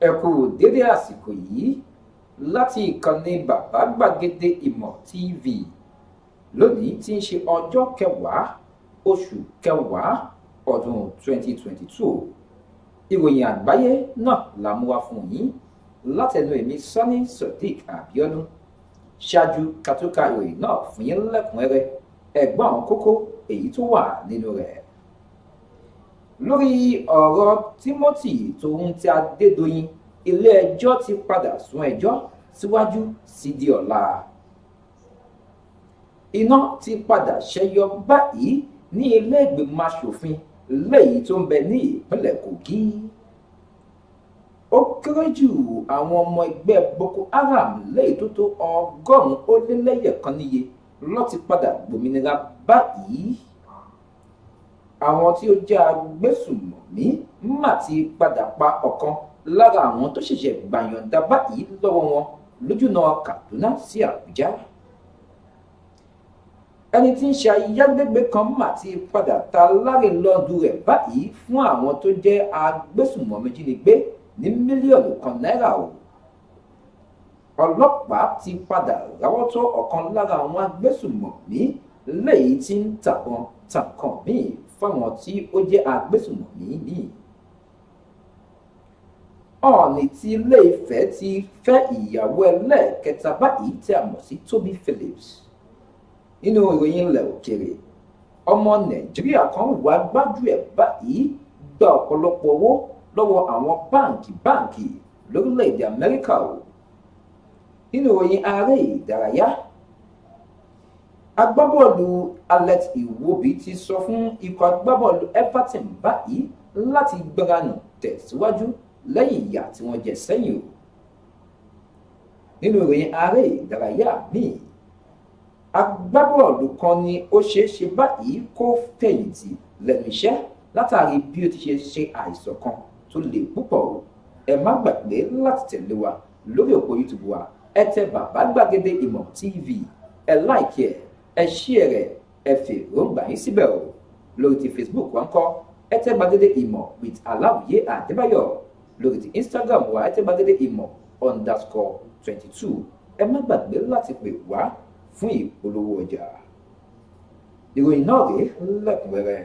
ẹ kú dédé àsìkò yìí láti ìkànnì bàbá gbàgede ìmọ̀ tv lónìí tí ń ṣe ọjọ́ kẹwàá oṣù kẹwàá ọdún 2022 ìròyìn àgbáyé náà la mú wá fún yín látẹnu èmi sani sodiq abiodun ṣáájú katuka ìròyìn náà fún yín lẹ́kùnrẹ́rẹ́ ẹ̀gbọ́n àwọn kókó èyí tó wà nínú rẹ̀ lórí ọ̀rọ̀ timothy tòun ti adédoyin ilé ẹjọ́ ti padà sún ẹjọ́ síwájú sí di ọ̀la. iná ti padà ṣẹyọ báyìí ní ilé ìgbìmọ̀ asòfin lẹ́yìn tó ń bẹ ní ìpínlẹ̀ Kogi. ó kéré jù àwọn ọmọ ẹgbẹ́ Boko Haram lẹ́yìn tó tó ọgọ́rùn-ún ó lé lẹ́yẹ̀ kan níye ló ti padà gbòmìnira báyìí àwọn tí ó jẹ́ agbésùnmọ̀mí mà ti padà pa ọ̀kan lára àwọn tó ṣẹ̀ṣẹ̀ gbàyànjá báyìí lọ́wọ́ wọn lójúnà Kaduna sí Àbújá ẹni tí ń ṣe ayálégbé kan mà ti padà ta láre lọ́ọ̀dù rẹ̀ báyìí fún àwọn tó jẹ́ agbésùnmọ̀mí jínigbé ní mílíọ̀nù kan náírà o ọlọ́pàá ti padà ráwọ́ ọ̀kan lára àwọn agbésùnmọ̀mí lẹ́yìn tí ń tàbọn tàǹkan míì fáwọn tí ó jẹ́ agbésùnmọ̀mí míì ọ̀ọ̀nì ti ilé ìfẹ́ ti fẹ́ ìyàwó ẹlẹ́ẹ̀kẹta báyìí tí a mọ̀ sí Toby Phillips nínú ìròyìn ilẹ̀ òkèèrè ọmọ nàìjíríà kan wà gbájú ẹ̀ báyìí gba ọ̀pọ̀lọpọ̀ owó lọ́wọ́ àwọn báǹkì báǹkì lórílẹ̀‐èdè amẹ́ríkà o nínú ìròyìn ààrẹ ìdárayá agbábọ́ọ̀lù Alex Iwobi ti sọ fún ikọ̀ agbábọ́ọ̀lù Everton báyìí láti gbáranù tẹ̀síwájú lẹ́yìn ìyà tí wọ́n jẹ sẹ́yìn o nínú ìròyìn ààrẹ ìdárayá míì agbábọ́ọ̀lù kan ni ó ṣeé ṣe báyìí kó fẹ̀yìntì lẹ́nu iṣẹ́ látàrí bí ó ti ṣe ṣe àìsàn kan tó le púpọ̀ o ẹ má gbàgbé láti tẹ̀lé wa lórí òpó youtube wa ẹ tẹ bàbá gbàgede ìmọ̀ tv ẹ láìkí ẹ ẹ ṣí ẹ rẹ ẹ fi èròǹgbà yín síbẹ̀ o lórí ti facebook wa ń kọ́ ẹ tẹ gbàgede ìmọ̀ with aláwìyé àdébáyọ̀ lórí ti instagram wa àtẹ̀bàgede ìmọ̀ underscore twenty two ẹ má gbàgbé láti pè wá fún ìpolówó ọjà ìròyìn náà rèé lẹ́kùnrẹ́rẹ́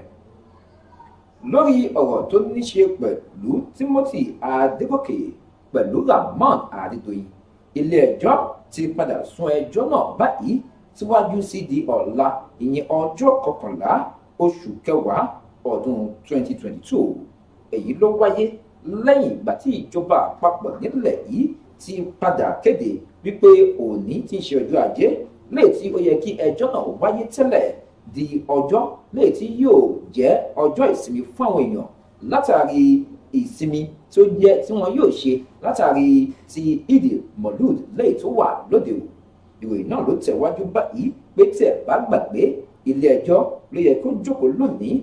lórí ọ̀rọ̀ tó ní ṣe pẹ̀lú timothy adégòkè pẹ̀lú rahman adédoyin ilé-ẹjọ́ ti padà sún ẹjọ́ náà báyìí síwájú sí di ọ̀la ìyẹn ọjọ́ kọkànlá oṣù kẹwàá ọdún 2022 èyí ló wáyé lẹ́yìn ìgbà tí ìjọba àpapọ̀ nílẹ̀ yìí ti padà kéde wípé òní ti ṣe ọjọ́ ajé léè tí ó yẹ kí ẹjọ́ náà wáyé tẹ́lẹ̀ di ọjọ́ léè tí yóò jẹ́ ọjọ́ ìsinmi fún àwọn èèyàn látàrí ìsinmi tó jẹ́ tí wọ́n yóò ṣe látàrí ti Eid Molud léè tó wà lóde o ìròyìn náà ló tẹ̀wájú báyìí pé tẹ̀ bá gbàgbé ilé ẹjọ́ ló yẹ kó jókòó lónìí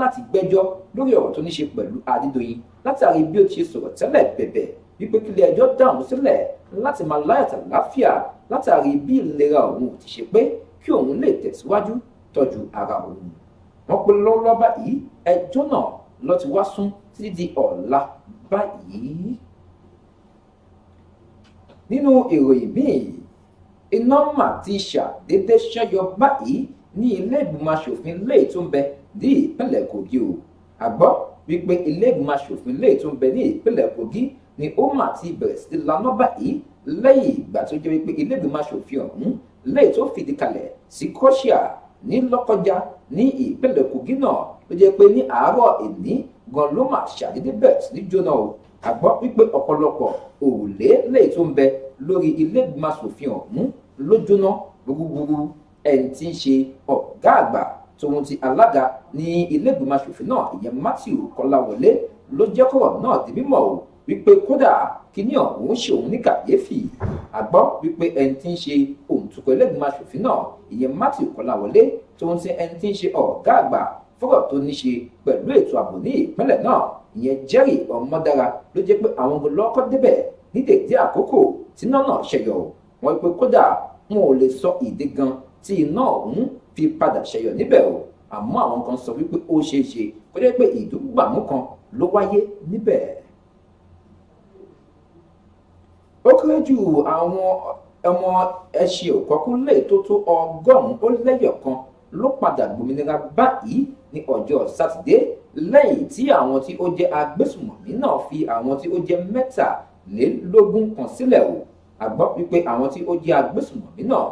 láti gbẹ́jọ́ lórí ọ̀rọ̀ tó ní ṣe pẹ̀lú Adédoyin látàrí bí ó ti sọ̀rọ̀ tẹ́lẹ̀ bẹ̀bẹ̀ wípé kílẹ̀ ẹjọ́ dààmú sílẹ̀ láti máa láyàtà láfíà látàrí bí ìlera òun ti ṣe pé kí òun lè tẹ̀síwájú tọ́jú ara òun. wọ́n pe lọ́wọ́lọ́wọ́ báyìí ẹjọ́ náà ló ti wá sún títí di ọ̀la báyìí. nínú ìròyìn míì iná mà ti ṣàdédé ṣẹ́yọ báyìí ní ilé ìgbìmọ̀ asòfin léè tó bẹ ní ìpínlẹ̀ Kogi o àgbọ́ wípé ilé ìgbìmọ̀ asòfin lè tún bẹ ní ìpínlẹ̀ Kogi ni ó mà ti bẹ̀rẹ̀ sí laná báyìí lẹ́yìn ìgbà tó jẹ́ wípé ilé ìgbìmọ̀ asòfin ọ̀hún lẹ́yìn tó fìdí kalẹ̀ sí kọ́ṣíà ní Lọ́kọ́já ní ìpínlẹ̀ Kogi náà ló jẹ́ pé ní àárọ̀ ìní gan ló mà ṣàdédé bẹ̀rẹ̀ sí jóná o àgbọ́ wípé ọ̀pọ̀lọpọ̀ òrùlé lẹ́yìn tó ń bẹ lórí ilé ìgbìmọ̀ asòfin ọ̀hún ló gbogbogbò tòun ti alága ní ilégbèmọ̀ aṣòfin náà ìyẹn Matthew Kọláwọlé ló jẹ́ kọ́rọ̀ náà di mímọ̀ o wípé kódà kíní ọ̀hún ṣe òun ní kàyéfì àgbọ́ wípé ẹni tí ń ṣe òǹtukọ̀ ilégbèmọ̀ aṣòfin náà ìyẹn Matthew Kọláwọlé tòun ti ẹni tí ń ṣe ọ̀gá àgbà fọ́rọ̀ tó ní ṣe pẹ̀lú ètò ààbò ní ìpínlẹ̀ náà ìyẹn Jerry Ọmọdára ló jẹ́ pé àwọn ogun lọ́kọ́ débẹ̀ ní dèdé àkókò tí iná náà ṣẹyọ wọn pé kódà wọn ò lè sọ ìdí gan tí iná ọ̀hún fi padà ṣẹyọ níbẹ̀ o àmọ́ àwọn kan sọ wípé ó ṣeé ṣe kó jẹ́ pé ìdúgbàmù kan ló wáyé níbẹ̀. ó kéré jù àwọn ọmọ ẹṣin òkọ́kún lè tó tó ọgọ́rùn-ún ó lẹ́yọ̀ kan ló padà gbòmìnira báyìí ní ọjọ́ sátidé lẹ́yìn tí àwọn tí ó jẹ́ agbésùmọ̀mí náà fi àwọn tí ó jẹ́ mẹ́tàlélógún kan sílẹ̀ o a gbọ́ wípé àwọn tí ó jẹ́ agbésùmọ̀mí náà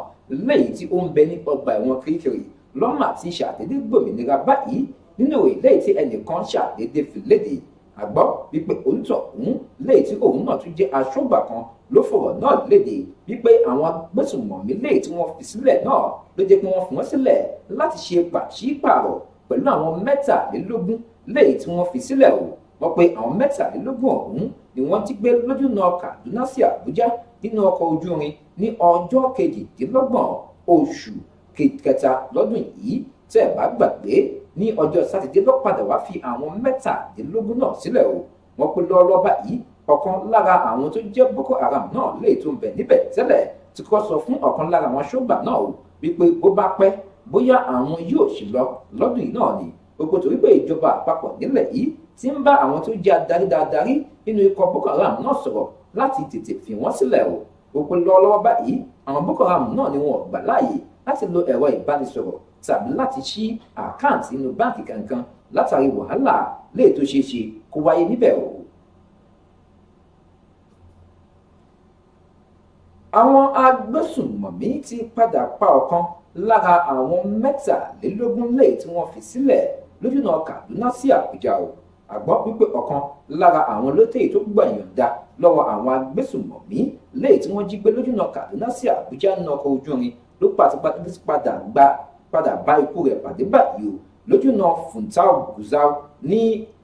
léyìí tí ó ń bẹ nípa ọgbà ẹ̀wọ̀n kirikiri lọ́mà ti ṣàdédé gbòmìnira báyìí nínú ìwé léyìí tí ẹnìkan ṣàdédé fi àgbọ́ wípé òǹtọ̀ òun léyìí tí òun náà tún jẹ́ aṣọ́gbà kan ló fọ̀rọ̀ náà léde wípé àwọn agbésùnmọ̀mí léyìí tí wọ́n fi sílẹ̀ náà ló jẹ́ pé wọ́n fi sílẹ̀ láti ṣe pàṣípààrọ̀ pẹ̀lú àwọn mẹ́tàlélógún léyìí tí wọ́n fi sílẹ̀ o wọ́n pe àwọn mẹ́tàlélógún ọ̀hún ni wọ́n ti gbé lójúnà Kaduna sí Àbújá nínú ọkọ̀ ojú irin ní ọjọ́ kejìdínlọ́gbọ̀n oṣù kẹta lọ́dún yìí tẹ́ ẹ̀ bá gbàgbé ní ọjọ́ sátidé ló padà wá fi àwọn mẹ́tàdínlógún náà sílẹ̀ o wọ́n pe lọ́ọ́lọ́ba yìí ọ̀kan lára àwọn tó jẹ́ Boko Haram náà lè tó ń bẹ̀ níbẹ̀ tẹ́lẹ̀ tí kò sọ fún ọ̀kan lára àwọn ṣọ́gbà náà o wípé bó bá pẹ́ bóyá àwọn yóò ṣì lọ lọ́dún yìí náà ni gbogbo torí pé ìjọba àpapọ̀ nílẹ̀ yìí ti ń bá àwọn tó jẹ́ adarí dáadáa nínú ikọ̀ Boko Haram náà sọ̀rọ̀ láti tètè fi wọ́n sílẹ̀ o òpin lọ́wọ́lọ́wọ́ báyìí àwọn Boko Haram náà ni wọn ò gbà láàyè láti lo ẹ̀rọ ìbánisọ̀rọ̀ tàbí láti ṣí àkáǹtì inú báǹkì kankan látàrí wàhálà lè tó ṣeé ṣe kó wáyé níbẹ̀ o. àwọn agbésùnmọ̀mí ti padà pa ọ̀kan lára àwọn mẹ́tàlélógún lè tí wọ́n fi sílẹ̀ lójúnà Kaduna sí Àbújá o àgbọ́ pípé ọ̀kan lára àwọn lótẹ́yì tó gbọ̀nyàn dá lọ́wọ́ àwọn agbésùnmọ̀mí léyìí tí wọ́n jí gbé lójúnà Kaduna sí Àbújá ní ọkọ̀ ojú irin ló padà gba padà bá ikú rẹ̀ pàdé báyìí o lójúnà Funtau Gusau ní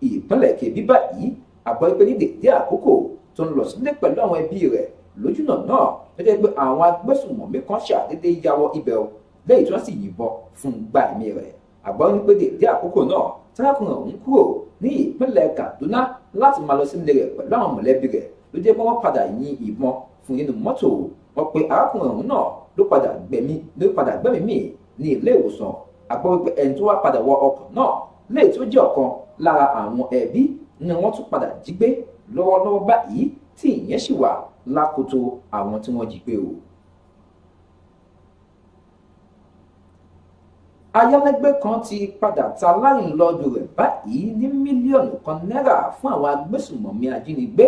ìpínlẹ̀ Kebbi báyìí àbọ̀ ẹgbẹ́ ní dèdé àkókò tó ń lọ sílé pẹ̀lú àwọn ẹbí rẹ̀ lójúnà náà pété pé àwọn agbésùnmọ̀mí kan ṣàdédé yàwọ̀ ibẹ̀ o lẹ́yìn tí wọ́n sì yìnbọn fún gba ẹ̀mí rẹ̀ àgbọ̀ ní pé dèdé àkókò náà tákùnrin ọ̀hún kúrò ní ìpínlẹ̀ Kaduna láti máa lọ sílé rẹ̀ pẹ̀lú àwọn mọ̀lẹ́bí rẹ̀ ló dé pé wọ́n padà yin ìbọn fún nínú mọ́tò wọ́n pe arákùnrin ọ̀hún náà ló padà gbẹ̀mí ló padà gbẹ̀mí mì ní ilé ìwòsàn àgbọ̀ wípé ẹni tó wá padà wọ ọkọ̀ náà lè tó jẹ́ ọ̀kan lára àwọn ẹbí ni wọ́n tún padà jí gbé lọ́wọ́lọ́wọ́ báyìí tí ìyẹn sì wà lákòótó àwọn tí wọ́n jí gbé o. ayálégbé kan ti padà ta láìlọ́dún rẹ̀ báyìí ní mílíọ̀nù kan náírà fún àwọn agbésùnmọ̀mí ajínigbé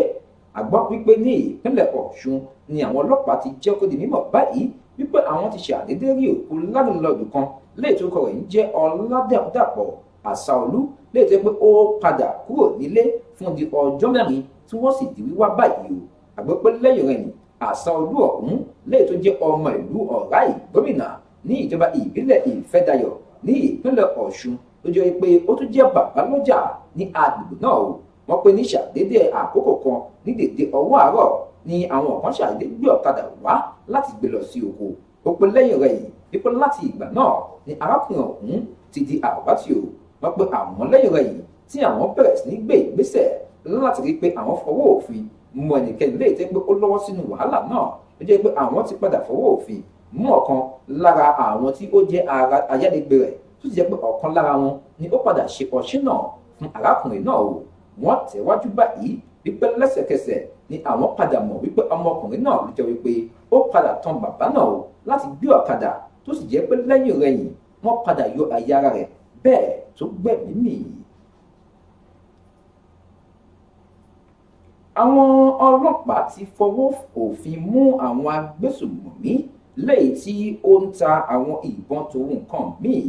a gbọ́ wípé ní ìpínlẹ̀ ọ̀ṣun ni àwọn ọlọ́pàá ti jẹ́ kó di mímọ̀ báyìí wípé àwọn ti ṣe àdédé rí òkú lárúlọ́ọ̀dù kan léètò ọkọ rẹ̀ ń jẹ́ ọ̀làdàpọ̀ àṣàolú léètò pé ó padà kúrò nílé fún di ọjọ́ mẹ́rin tí wọ́n sì di wíwá báyìí o a pé lẹ́yìn rẹ̀ ni àṣàolú ọ̀hún léètò jẹ́ ọmọ ìlú ọ̀rá ìgbómìnà ní ìjọba ìbílẹ̀ ìfẹ́dayọ̀ ní ìpínlẹ̀ ọ̀ṣun ló pé ó tún jẹ́ bàbá lọ́jà ní agbègbè náà o wọ́n pé ní ṣàdédé àkókò kan ní dédé ọwọ́ àárọ̀ ni àwọn kan ṣàdédé gbé ọ̀kadà wá láti gbé lọ sí oko ó pé lẹ́yìn rẹ̀ yìí wípé láti ìgbà náà ni arákùnrin ọ̀hún ti di àwátì o wọ́n pé àwọn lẹ́yìn rẹ̀ yìí tí àwọn bẹ̀rẹ̀ sí ní gbé ìgbésẹ̀ láti rí pé àwọn fọwọ́ òfin mú ẹnikẹ́ni léyìí tẹ́ pé ó lọ́wọ́ sínú wàhálà náà ó jẹ́ pé àwọn ti padà fọwọ́ òfin mú ọ̀kan lára àwọn tí ó jẹ́ ara ayálégbé rẹ̀ tó ti jẹ́ pé ọ̀kan lára wọn ni ó padà ṣe ọṣẹ́ náà fún arákùnrin náà o wọ́n tẹ̀wájú báyìí wípé lẹ́sẹ̀kẹsẹ̀ ni àwọn padà mọ̀ wípé ọmọkùnrin náà ló jẹ́ wípé ó padà tan bàbá náà o láti gbé ọ̀kadà tó sì jẹ́ pé lẹ́yìn rẹ̀yìn wọ́n padà yọ àyà ara rẹ̀ bẹ́ẹ̀ tó gbẹ̀mí mì. àwọn ọlọ́pàá ti fọwọ́ òfin mú àwọn agbésùmọ̀mí lẹ́yìn tí ó ń ta àwọn ìbọn tó nǹkan míì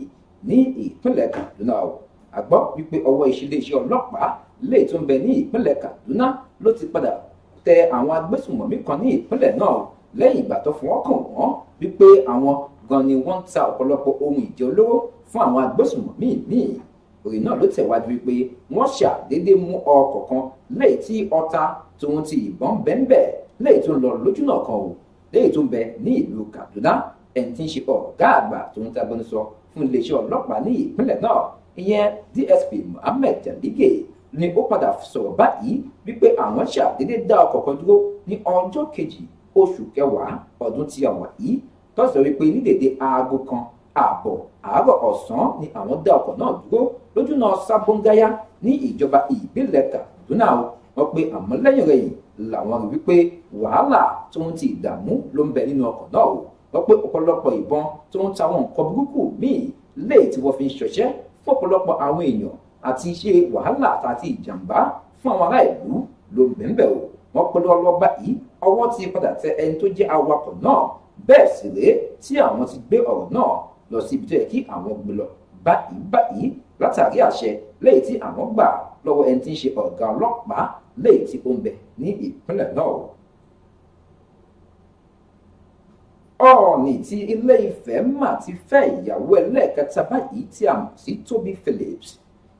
ní ìpínlẹ̀ Kaduna o àgbọ́ wípé ọwọ́ iléeṣẹ́ ọlọ́pàá lè tún bẹ ní ìpínlẹ̀ Kaduna ló ti padà tẹ àwọn agbésùnmọ̀mí kan ní ìpínlẹ̀ náà lẹ́yìn ìgbà tó fọwọ́ kàn wọ́n wípé àwọn gan ni wọ́n ń ta ọ̀pọ̀lọpọ̀ ohun ìjẹ olóró fún àwọn agbésùnmọ̀mí míì òrìn náà ló tẹ̀wájú wípé wọ́n ṣàdédé mú ọkọ̀ kan lẹ́yìn tí ọta tòun ti ìbọn bẹ́ńbẹ́ lẹ́yìn tó ń lọ lójúnà kan o lẹ́yìn tó ń bẹ ní ìlú Kaduna ẹni tí ń ṣe ọ̀gá àgbà tòun ti agbẹnusọ fún iléeṣẹ́ ọlọ́pàá ní ìpínlẹ̀ náà ìyẹn DSP Mohammed Jalige ni ó padà sọ̀rọ̀ báyìí wípé àwọn ṣàdédé dá ọkọ̀ kan dúró ní ọjọ́ kejì oṣù kẹwàá ọdún tí a wà yìí tó wípé ní dédé aago kan ààbọ̀ àárọ̀ ọ̀sán ni àwọn dá ọkọ̀ náà dúró lójúnà sábóńgáyá ní ìjọba ìbílẹ̀ Kaduna wọ́n pé àmọ́ lẹ́yìn rẹ̀ yìí làwọn rí wípé wàhálà tó ń ti ìdààmú ló ń bẹ nínú ọkọ̀ náà o wọ́n pé ọ̀pọ̀lọpọ̀ ìbọn tó ń ta àwọn nǹkan burúkú míì léè tí wọ́n fi ń ṣọṣẹ́ fún ọ̀pọ̀lọpọ̀ àwọn èèyàn àti ṣe wàhálà àti ìjàmbá fún àwọn ará ìlú ló ń bẹ̀ẹ̀ o wọ́n pẹ́ lọ́wọ́ báyìí ọwọ́ ti padà tẹ ẹni tó jẹ́ awakọ̀ náà bẹ́ẹ̀ sì rèé tí àwọn ti gbé ọ̀rọ̀ náà lọ sí ibi tó yẹ kí àwọn gbé lọ báyìí báyìí látàrí àṣẹ lẹ́yìn tí àwọn gbà lọ́wọ́ ẹni tí ń ṣe ọ̀gá ọlọ́pàá lẹ́yìn tí ó ń bẹ ní ìpínlẹ̀ náà ọ̀ọ̀nì ti ilé Ifẹ̀ mà ti fẹ́ ìyàwó ẹlẹ́ẹ̀kẹta báyìí tí a mọ̀ sí Tobi Phillips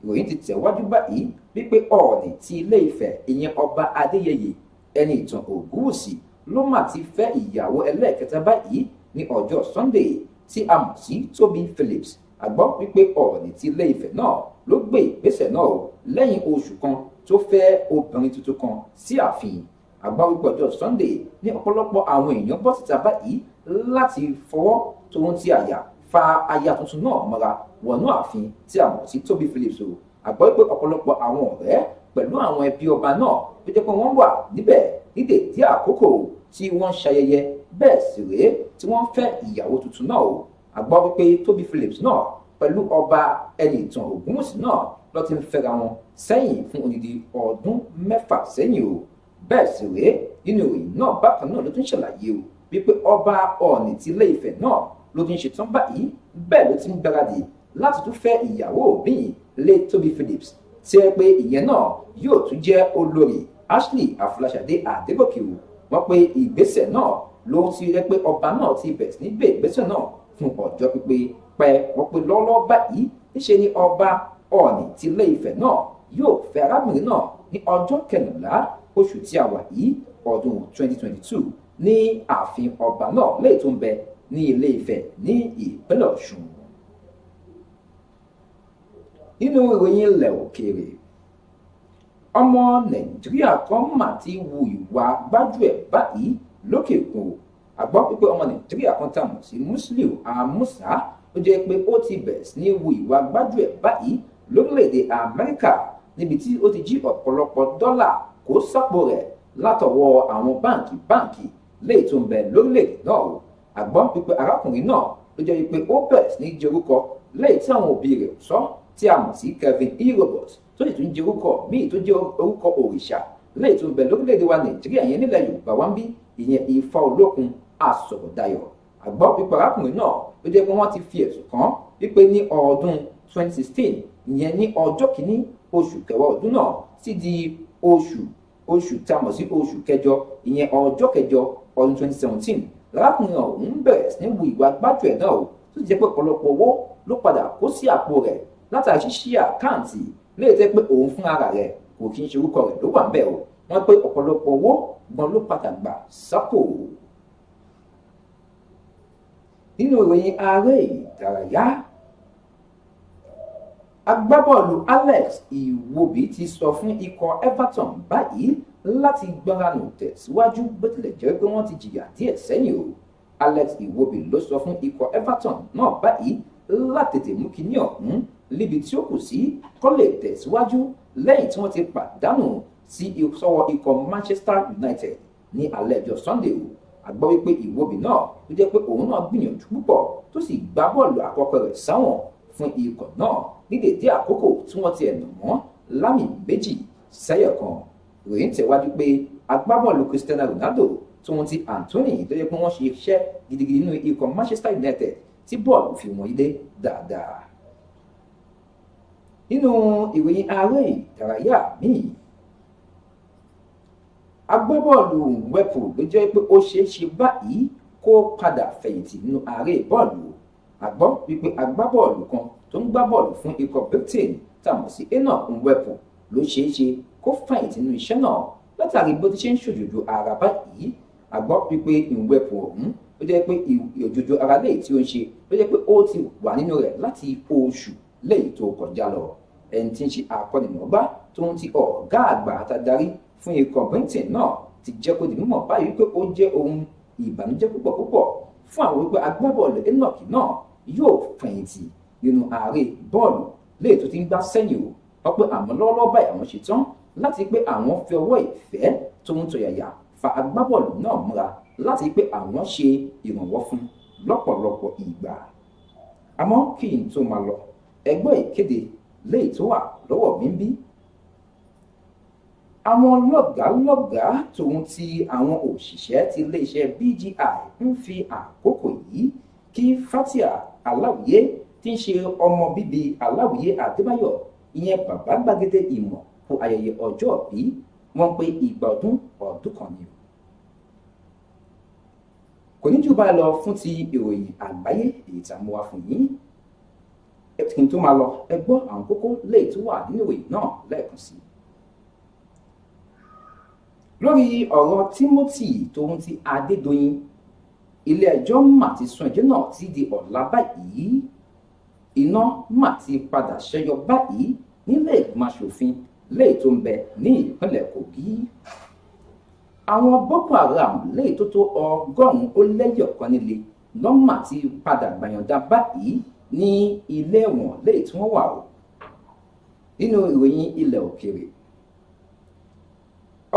ìròyìn ti tẹ̀wájú báyìí wípé ọ̀ọ̀nì ti ilé Ifẹ̀ ìyẹn ọba Adéyẹyè ẹni ìtàn Ògúnwùsì ló mà ti fẹ́ ìyàwó ẹlẹ́ẹ̀kẹta báyìí ní ọjọ́ Sunday tí a mọ̀ sí Tobi Phillips a wípé ọ̀ọ̀nì ti ilé Ifẹ̀ náà ló gbé ìgbésẹ̀ náà o lẹ́yìn oṣù kan tó fẹ́ obìnrin tuntun kan sí ààfin a wípé ọjọ́ Sunday ní ọ̀pọ̀lọpọ̀ àwọn èèyàn bọ́ síta báyìí láti fọwọ́ tòun ti àyà fa aya tuntun náà mọ́ra wọnú ààfin tí a mọ̀ sí Tóbi Phillips o àgbọ́ pé ọ̀pọ̀lọpọ̀ àwọn ọ̀rẹ́ pẹ̀lú àwọn ẹbí ọba náà tó jẹ́ pé wọ́n wà níbẹ̀ nídè dí àkókò tí wọ́n ṣayẹyẹ bẹ́ẹ̀ sì rèé tí wọ́n fẹ́ ìyàwó tuntun náà o àgbọ́ wípé Tóbi Phillips náà pẹ̀lú ọba Ẹnìtàn Ògúnwùsì náà ló ti ń fẹ́ra wọn sẹ́yìn fún odidi ọdún mẹ́fà sẹ́yìn o bẹ́ẹ̀ sì rèé nínú ìròyìn náà bákan náà ló tún ṣàlàyé o wípé ọba Ọ̀ọ̀nì ti Ilé Ifẹ̀ náà ló ti ń ṣetán báyìí bẹ́ẹ̀ ló ti ń gbáradì láti tún fẹ́ ìyàwó òbí lé Tobi Phillips tí ẹ pé ìyẹn náà yóò tún jẹ́ olórí Ashley Afọláṣadé Adégòkè o wọ́n pé ìgbésẹ̀ náà ló ti rẹ́ pé ọba náà ti bẹ̀rẹ̀ sí ní gbé ìgbésẹ̀ náà fún ọjọ́ pípé pẹ́ wọ́n pé lọ́lọ́ báyìí níṣe ni ọba Ọ̀ọ̀nì ti Ilé Ifẹ̀ náà yóò fẹ́ arábìnrin náà ní ọjọ́ kẹrìnlá oṣù tí a wà yìí ọdún 2022 ní ààfin ọba náà léè tó bẹ ní ilé Ifẹ̀ ní ìpínlẹ̀ Ọ̀ṣun nínú ìròyìn ilẹ̀ òkèèrè ọmọ Nàìjíríà kan mà ti wu ìwà gbájúẹ̀ báyìí lókè òkun a gbọ́ pé ọmọ Nàìjíríà kan tá a sí Musliu Amusa ó jẹ́ pé ó ti bẹ̀rẹ̀ sí ní wu ìwà gbájúẹ̀ báyìí lórílẹ̀‐èdè Amẹ́ríkà níbi tí ó ti jí ọ̀pọ̀lọpọ̀ dọ́là kó sápò rẹ̀ látọwọ́ àwọn báǹkì báǹkì léè tó ń bẹ lórílẹ̀‐èdè náà àgbọ́ wípé arákùnrin náà ló jẹ́ wípé ó bẹ̀rẹ̀ sí ní jẹ orúkọ lẹ́yìn tí àwọn òbí rẹ̀ sọ tí a mọ̀ sí Kevin E. Robert tó sì tún jẹ orúkọ míì tó jẹ́ orúkọ òrìṣà lẹ́yìn tó ń bẹ lórílẹ̀‐èdè wa Nàìjíríà yẹn nílẹ̀ Yorùbá wa ń bí ìyẹn Ifá Olókun Àsọ̀rọ̀dayọ̀ àgbọ́ wípé arákùnrin náà ló jẹ́ pé wọ́n ti fi ẹ̀sùn kàn wípé ní ọdún 2016 ìyẹn ní ọjọ́ kìíní oṣù kẹwàá ọdún náà sì di oṣù oṣù tá a mọ̀ sí oṣù kẹjọ ìyẹn ọjọ́ kẹjọ ọdún 2017 lárákùnrin ọ̀hún bẹ̀rẹ̀ sí wu ìwà gbájú ẹ̀ náà ó tó ti jẹ́ pé ọ̀pọ̀lọpọ̀ owó ló padà kó sí àpò rẹ̀ látàrí ṣíṣí àkáǹtì léè jẹ́ pé òun fún ara rẹ̀ kò kí n ṣe orúkọ rẹ̀ ló wà ń bẹ̀ o wọ́n pé ọ̀pọ̀lọpọ̀ owó gan ló padà gbà sápò. nínú ìròyìn ààrẹ ìdárayá agbábọ́ọ̀lù Alex Iwobi ti sọ fún ikọ̀ Everton báyìí láti gbaranù tẹ̀síwájú bó tilẹ̀ jẹ́ pé wọ́n ti jìyà díẹ̀ sẹ́yìn o Alex Iwobi ló sọ fún ikọ̀ Everton náà báyìí látètè mú kíní ọ̀hún níbi tí ó kù sí kó lè tẹ̀síwájú lẹ́yìn tí wọ́n ti pàdánù sí sọ́wọ́ ikọ̀ Manchester United ní alẹ́ ọjọ́ Sunday o àgbọ́ wípé Iwobi náà ló jẹ́ pé òun náà gbìyànjú púpọ̀ tó sì gbá bọ́ọ̀lù àkọ́kọ́ rẹ̀ sáwọn fún ikọ̀ náà ní dédé àkókò tí wọ́n ti ẹ̀nà mọ́ lámì méjì sẹ́yọ̀ kan ròyìn tẹ̀wájú pé agbábọ́ọ̀lù Cristiano Ronaldo tòun ti Anthony tó yẹ pé wọ́n ṣe iṣẹ́ gidigidi nínú ikọ̀ Manchester United tí bọ́ọ̀lù fi wọ́n ilé dáadáa. nínú ìròyìn aré ìdárayá míì agbábọ́ọ̀lù wẹ́pù ló jẹ́ pé ó ṣeé ṣe báyìí kó padà fẹ̀yìntì nínú aré bọ́ọ̀lù a gbọ́ wípé agbábọ́ọ̀lù kan tó ń gbá bọ́ọ̀lù fún ikọ̀ britain tàmọ̀ sí enoch nwepo ló ṣeé ṣe kó fàyìntì nínú iṣẹ́ náà látàrí bó ti ṣe ń ṣòjòjò ara báyìí a gbọ́ wípé nwepo ọ̀hún ló jẹ́ pé ìjòjò ara lẹ́yìn tí ó ń ṣe ló jẹ́ pé ó ti wà nínú rẹ̀ láti oṣù lẹ́yìn tó kọjá lọ ẹni tí ń ṣe akọ́nìmọ̀ọ́gbá tó ń ti ọ̀gá àgbà àtàdarí fún ikọ̀ britain náà ti jẹ́ kó di mímọ̀ báyìí pé ó jẹ́ ohun ìbànújẹ́ púpọ̀ púpọ̀ fún àwọn wípé agbábọ́ọ̀lù enoch náà yóò fẹ̀yìntì nínú ààrẹ bọ́ọ̀lù léè tó ti ń gbá sẹ́yìn o wọ́n àwọn lọ́wọ́lọ́wọ́ báyìí àwọn ṣe tán láti pé àwọn fi ọwọ́ ìfẹ́ tó ń tọ̀yàyà fa agbábọ́ọ̀lù náà múra láti pé àwọn ṣe ìrànwọ́ fún lọ́pọ̀lọpọ̀ ìgbà àmọ́ kí n tó máa lọ ẹgbẹ́ ìkéde léè tó wà lọ́wọ́ mi ń bí àwọn lọ́gàálọ́gàá tòun ti àwọn òṣìṣẹ́ ti iléeṣẹ́ BGI ń fi àkókò yìí kí Fatia aláwìyé tí ń ṣe ọmọ bíbí aláwìyé àdébáyọ̀ ìyẹn bàbá gbàgede ìmọ̀ kú ayẹyẹ ọjọ́ bí wọ́n pe ìgbà ọdún ọdún kan ni o. kò ní jù bá lọ fún ti ìròyìn àgbáyé èyí tá a mú wá fún yín kí n tó máa lọ ẹ gbọ́ àwọn kókó léè tó wà nínú ìròyìn náà lẹ́ẹ̀kan sí i lórí ọ̀rọ̀ Timothy tóun ti Adédoyin ilé ẹjọ́ mà ti sún ẹjọ́ náà ti di ọ̀la báyìí iná mà ti padà ṣẹyọ báyìí nílé ìgbìmọ̀ asòfin léyìí tó ń bẹ ní ìpínlẹ̀ Kogi àwọn Boko Haram léyìí tó tó ọgọ́rùn-ún ó lẹ́yọ̀ kan nílé lọ́mà ti padà gbàyànjá báyìí ní ilé ẹ̀wọ̀n léyìí tí wọ́n wà o nínú ìròyìn ilẹ̀ òkèèrè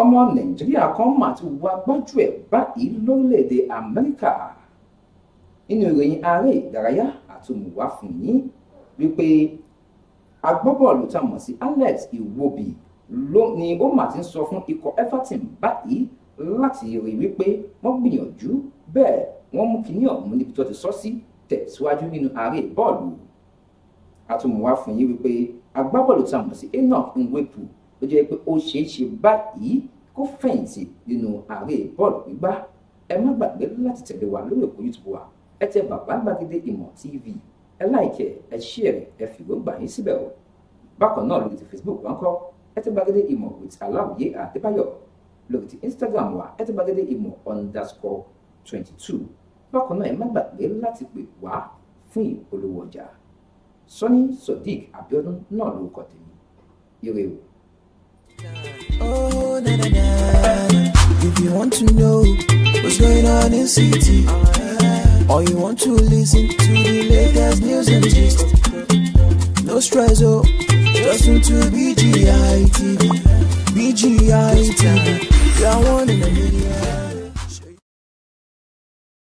ọmọ nàìjíríà kan mà ti wá gbájú ẹ̀ báyìí lórílẹ̀‐èdè amẹ́ríkà nínú ìròyìn ààrẹ ìdárayá àtòmùwá fún yín wípé agbábọ́ọ̀lù tá a mọ̀ sí Alex Iwobi ló ni ó mà ti ń sọ fún ikọ̀ Everton báyìí láti rí wípé wọ́n gbìyànjú bẹ́ẹ̀ wọ́n mú kinní ọ̀hún níbi tó ti sọ sí tẹ̀síwájú nínú ààrẹ bọ́ọ̀lù àtòmùwá fún yín wípé agbábọ́ọ̀lù tá a mọ̀ sí Enoch Nwepu ó jẹ́ pé ó ṣeé ṣe báyìí kó fẹ̀yìntì nínú ààrẹ bọ́ọ̀lù gbígbá ẹ má gbàgbé láti tẹ̀lé wa lórí òpó youtube wa ẹ tẹ bàbá gbàgede ìmọ̀ tv ẹ láìkẹ́ ẹ ṣíẹ̀ ẹ fìwégbà yín síbẹ̀ o bákan náà lórí ti facebook wa ń kọ́ ẹ tẹ gbàgede ìmọ̀ with aláwòye àdébáyọ̀ lórí ti instagram wa ẹ tẹ gbàgede ìmọ̀ underscore twenty two bákan náà ẹ má gbàgbé láti pè wá fún ìpolówó ọjà sọ́ni sodiq abiodun náà ló kọ tèmi ire o. Oh, na na na. If you want to know what's going on in city, or you want to listen to the latest news and gist, no stress, oh, just tune to BGI TV. BGI TV, you are one in a million.